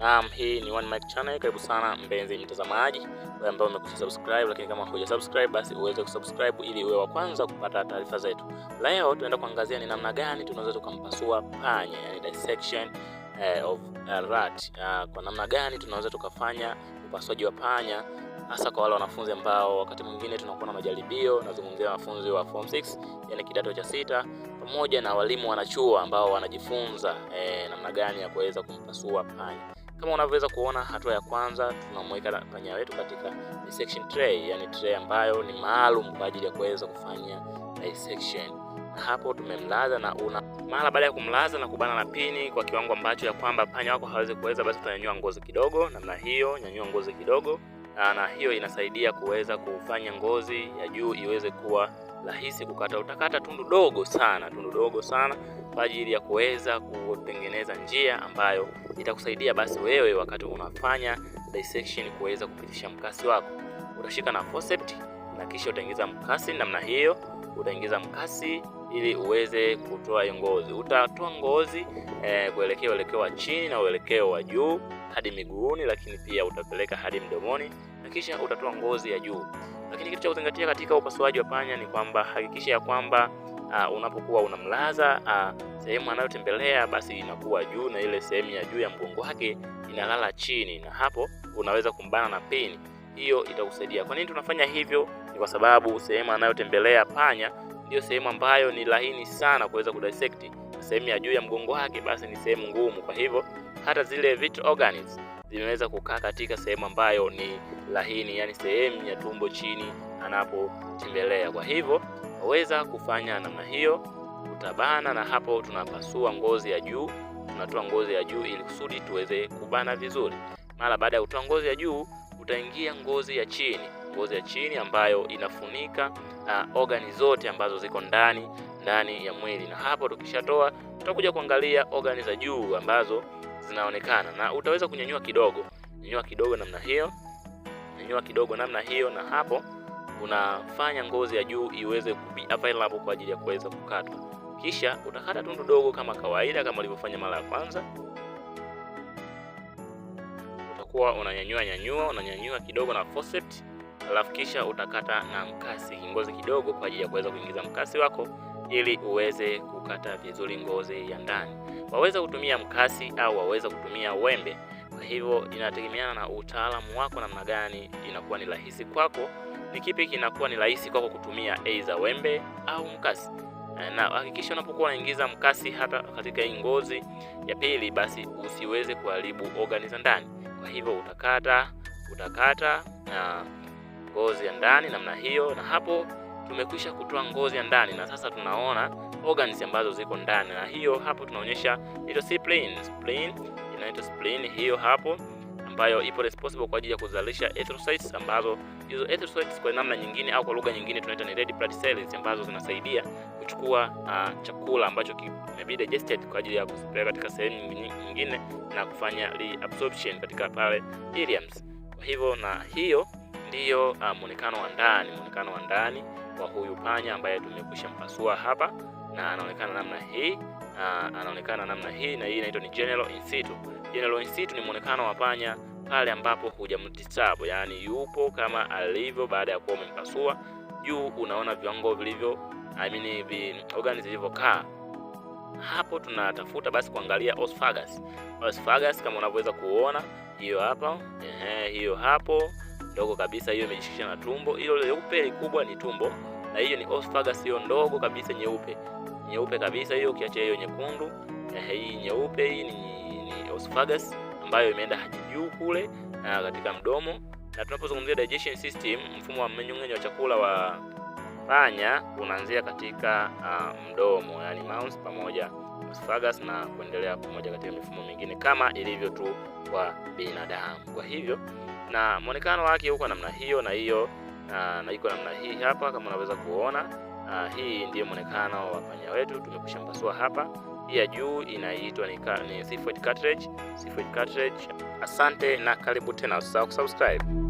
Naam, hii ni One Mic Channel. Karibu sana mpenzi mtazamaji wewe ambaye umekusha subscribe, lakini kama huja subscribe basi uweze kusubscribe ili uwe wa kwanza kupata taarifa zetu. Leo tunaenda kuangazia ni namna gani tunaweza tukampasua panya, yani dissection eh, of uh, rat uh, kwa namna gani tunaweza tukafanya upasuaji wa panya hasa kwa wale wanafunzi ambao wakati mwingine tunakuwa na majaribio. Nazungumzia wanafunzi wa form 6, yani kidato cha sita, pamoja na walimu wanachuo ambao wanajifunza eh, namna gani ya kuweza kumpasua panya. Kama unavyoweza kuona, hatua ya kwanza tunamweka panya wetu katika dissection tray, yani tray ambayo ni maalum kwa ajili ya kuweza kufanya dissection, na hapo tumemlaza na una mara baada ya kumlaza na kubana na pini kwa kiwango ambacho ya kwamba panya wako hawezi kuweza, basi tunanyanyua ngozi kidogo namna hiyo, nyanyua ngozi kidogo na, ah, na hiyo inasaidia kuweza kufanya ngozi ya juu iweze kuwa rahisi kukata. Utakata tundu dogo sana, tundu dogo sana kwa ajili ya kuweza kutengeneza njia ambayo itakusaidia basi wewe wakati unafanya dissection kuweza kupitisha mkasi wako. Utashika na forceps na kisha utaingiza mkasi namna hiyo. Utaingiza mkasi ili uweze kutoa hiyo ngozi. Utatoa ngozi e, kuelekea uelekeo wa chini na uelekeo wa juu hadi miguuni, lakini pia utapeleka hadi mdomoni na kisha utatoa ngozi ya juu. Lakini kitu cha kuzingatia katika upasuaji wa panya ni kwamba hakikisha ya kwamba Uh, unapokuwa unamlaza uh, sehemu anayotembelea basi inakuwa juu na ile sehemu ya juu ya mgongo wake inalala chini, na hapo unaweza kumbana na pini hiyo itakusaidia. Kwa nini tunafanya hivyo? Ni kwa sababu sehemu anayotembelea panya ndiyo sehemu ambayo ni laini sana kuweza kudissect. Sehemu ya juu ya mgongo wake basi ni sehemu ngumu, kwa hivyo hata zile vital organs zimeweza kukaa katika sehemu ambayo ni laini, yani sehemu ya tumbo chini anapotembelea. Kwa hivyo waweza kufanya namna hiyo, utabana na hapo tunapasua ngozi ya juu, tunatoa ngozi ya juu ili kusudi tuweze kubana vizuri. Mara baada ya kutoa ngozi ya juu utaingia ngozi ya chini, ngozi ya chini ambayo inafunika uh, ah, ogani zote ambazo ziko ndani ndani ya mwili, na hapo tukishatoa tutakuja kuangalia ogani za juu ambazo zinaonekana, na utaweza kunyanyua kidogo, nyanyua kidogo namna hiyo, nyanyua kidogo namna hiyo, na hapo unafanya ngozi ya juu iweze kubi available kwa ajili ya kuweza kukatwa. Kisha utakata tundu dogo kama kawaida, kama ulivyofanya mara ya kwanza utakuwa unanyanyua nyanyua unanyanyua kidogo na faucet, alafu kisha utakata na mkasi ngozi kidogo kwa ajili ya kuweza kuingiza mkasi wako ili uweze kukata vizuri ngozi ya ndani. Waweza kutumia mkasi au waweza kutumia wembe. Kwa hivyo inategemeana na utaalamu wako, namna gani inakuwa ni rahisi kwako, ni kipi kinakuwa ni rahisi kwako kutumia, aidha wembe au mkasi. Na hakikisha unapokuwa unaingiza mkasi hata katika ngozi ya pili, basi usiweze kuharibu ogani za ndani. Kwa hivyo utakata utakata na ngozi ya ndani namna hiyo, na hapo tumekwisha kutoa ngozi ya ndani, na sasa tunaona organs ambazo ziko ndani, na hiyo hapo tunaonyesha inaitwa spleen. Spleen inaitwa spleen hiyo hapo ambayo ipo responsible kwa ajili ya kuzalisha erythrocytes, ambazo hizo erythrocytes kwa namna nyingine au kwa lugha nyingine tunaita ni red blood cells, ambazo zinasaidia kuchukua uh, chakula ambacho kimebi digested kwa ajili ya kusupply katika sehemu nyingine na kufanya reabsorption katika pale ileums. Kwa hivyo na hiyo ndiyo uh, ah, muonekano wa ndani, muonekano wa ndani wa huyu panya ambaye tumekwisha mpasua hapa, na anaonekana namna hii. Ah, anaonekana namna hii, na hii inaitwa ni general in situ. General in situ ni muonekano wa panya pale ambapo hujamdisabu, yaani yupo kama alivyo baada ya kuwa umempasua. Juu unaona viwango vilivyo, I mean vi organs zilivyokaa hapo tunatafuta basi kuangalia Osphagus. Osphagus kama unavyoweza kuona hiyo hapa, ehe, hiyo hapo ndogo kabisa, hiyo imejishikisha na tumbo. Hilo leupe kubwa ni tumbo, na hiyo ni Osphagus, hiyo ndogo kabisa nyeupe nyeupe kabisa hiyo, ukiacha hiyo nyekundu. eh, hii nyeupe hii ni, ni esophagus ambayo imeenda hadi juu kule ah, katika mdomo. Na tunapozungumzia digestion system, mfumo wa mmeng'enyo wa chakula wa panya unaanzia katika uh, mdomo, yani mouth pamoja esophagus na kuendelea pamoja katika mifumo mingine kama ilivyo tu kwa binadamu. Kwa hivyo na mwonekano wake huko namna hiyo, na hiyo Ah, na iko namna hii hapa, kama unaweza kuona. Aa, ah, hii ndiyo muonekano wa panya wetu, tumekushambasua hapa. Hii ya juu inaitwa ni, ni cartridge, cartridge. Asante na karibu tena, usisahau kusubscribe.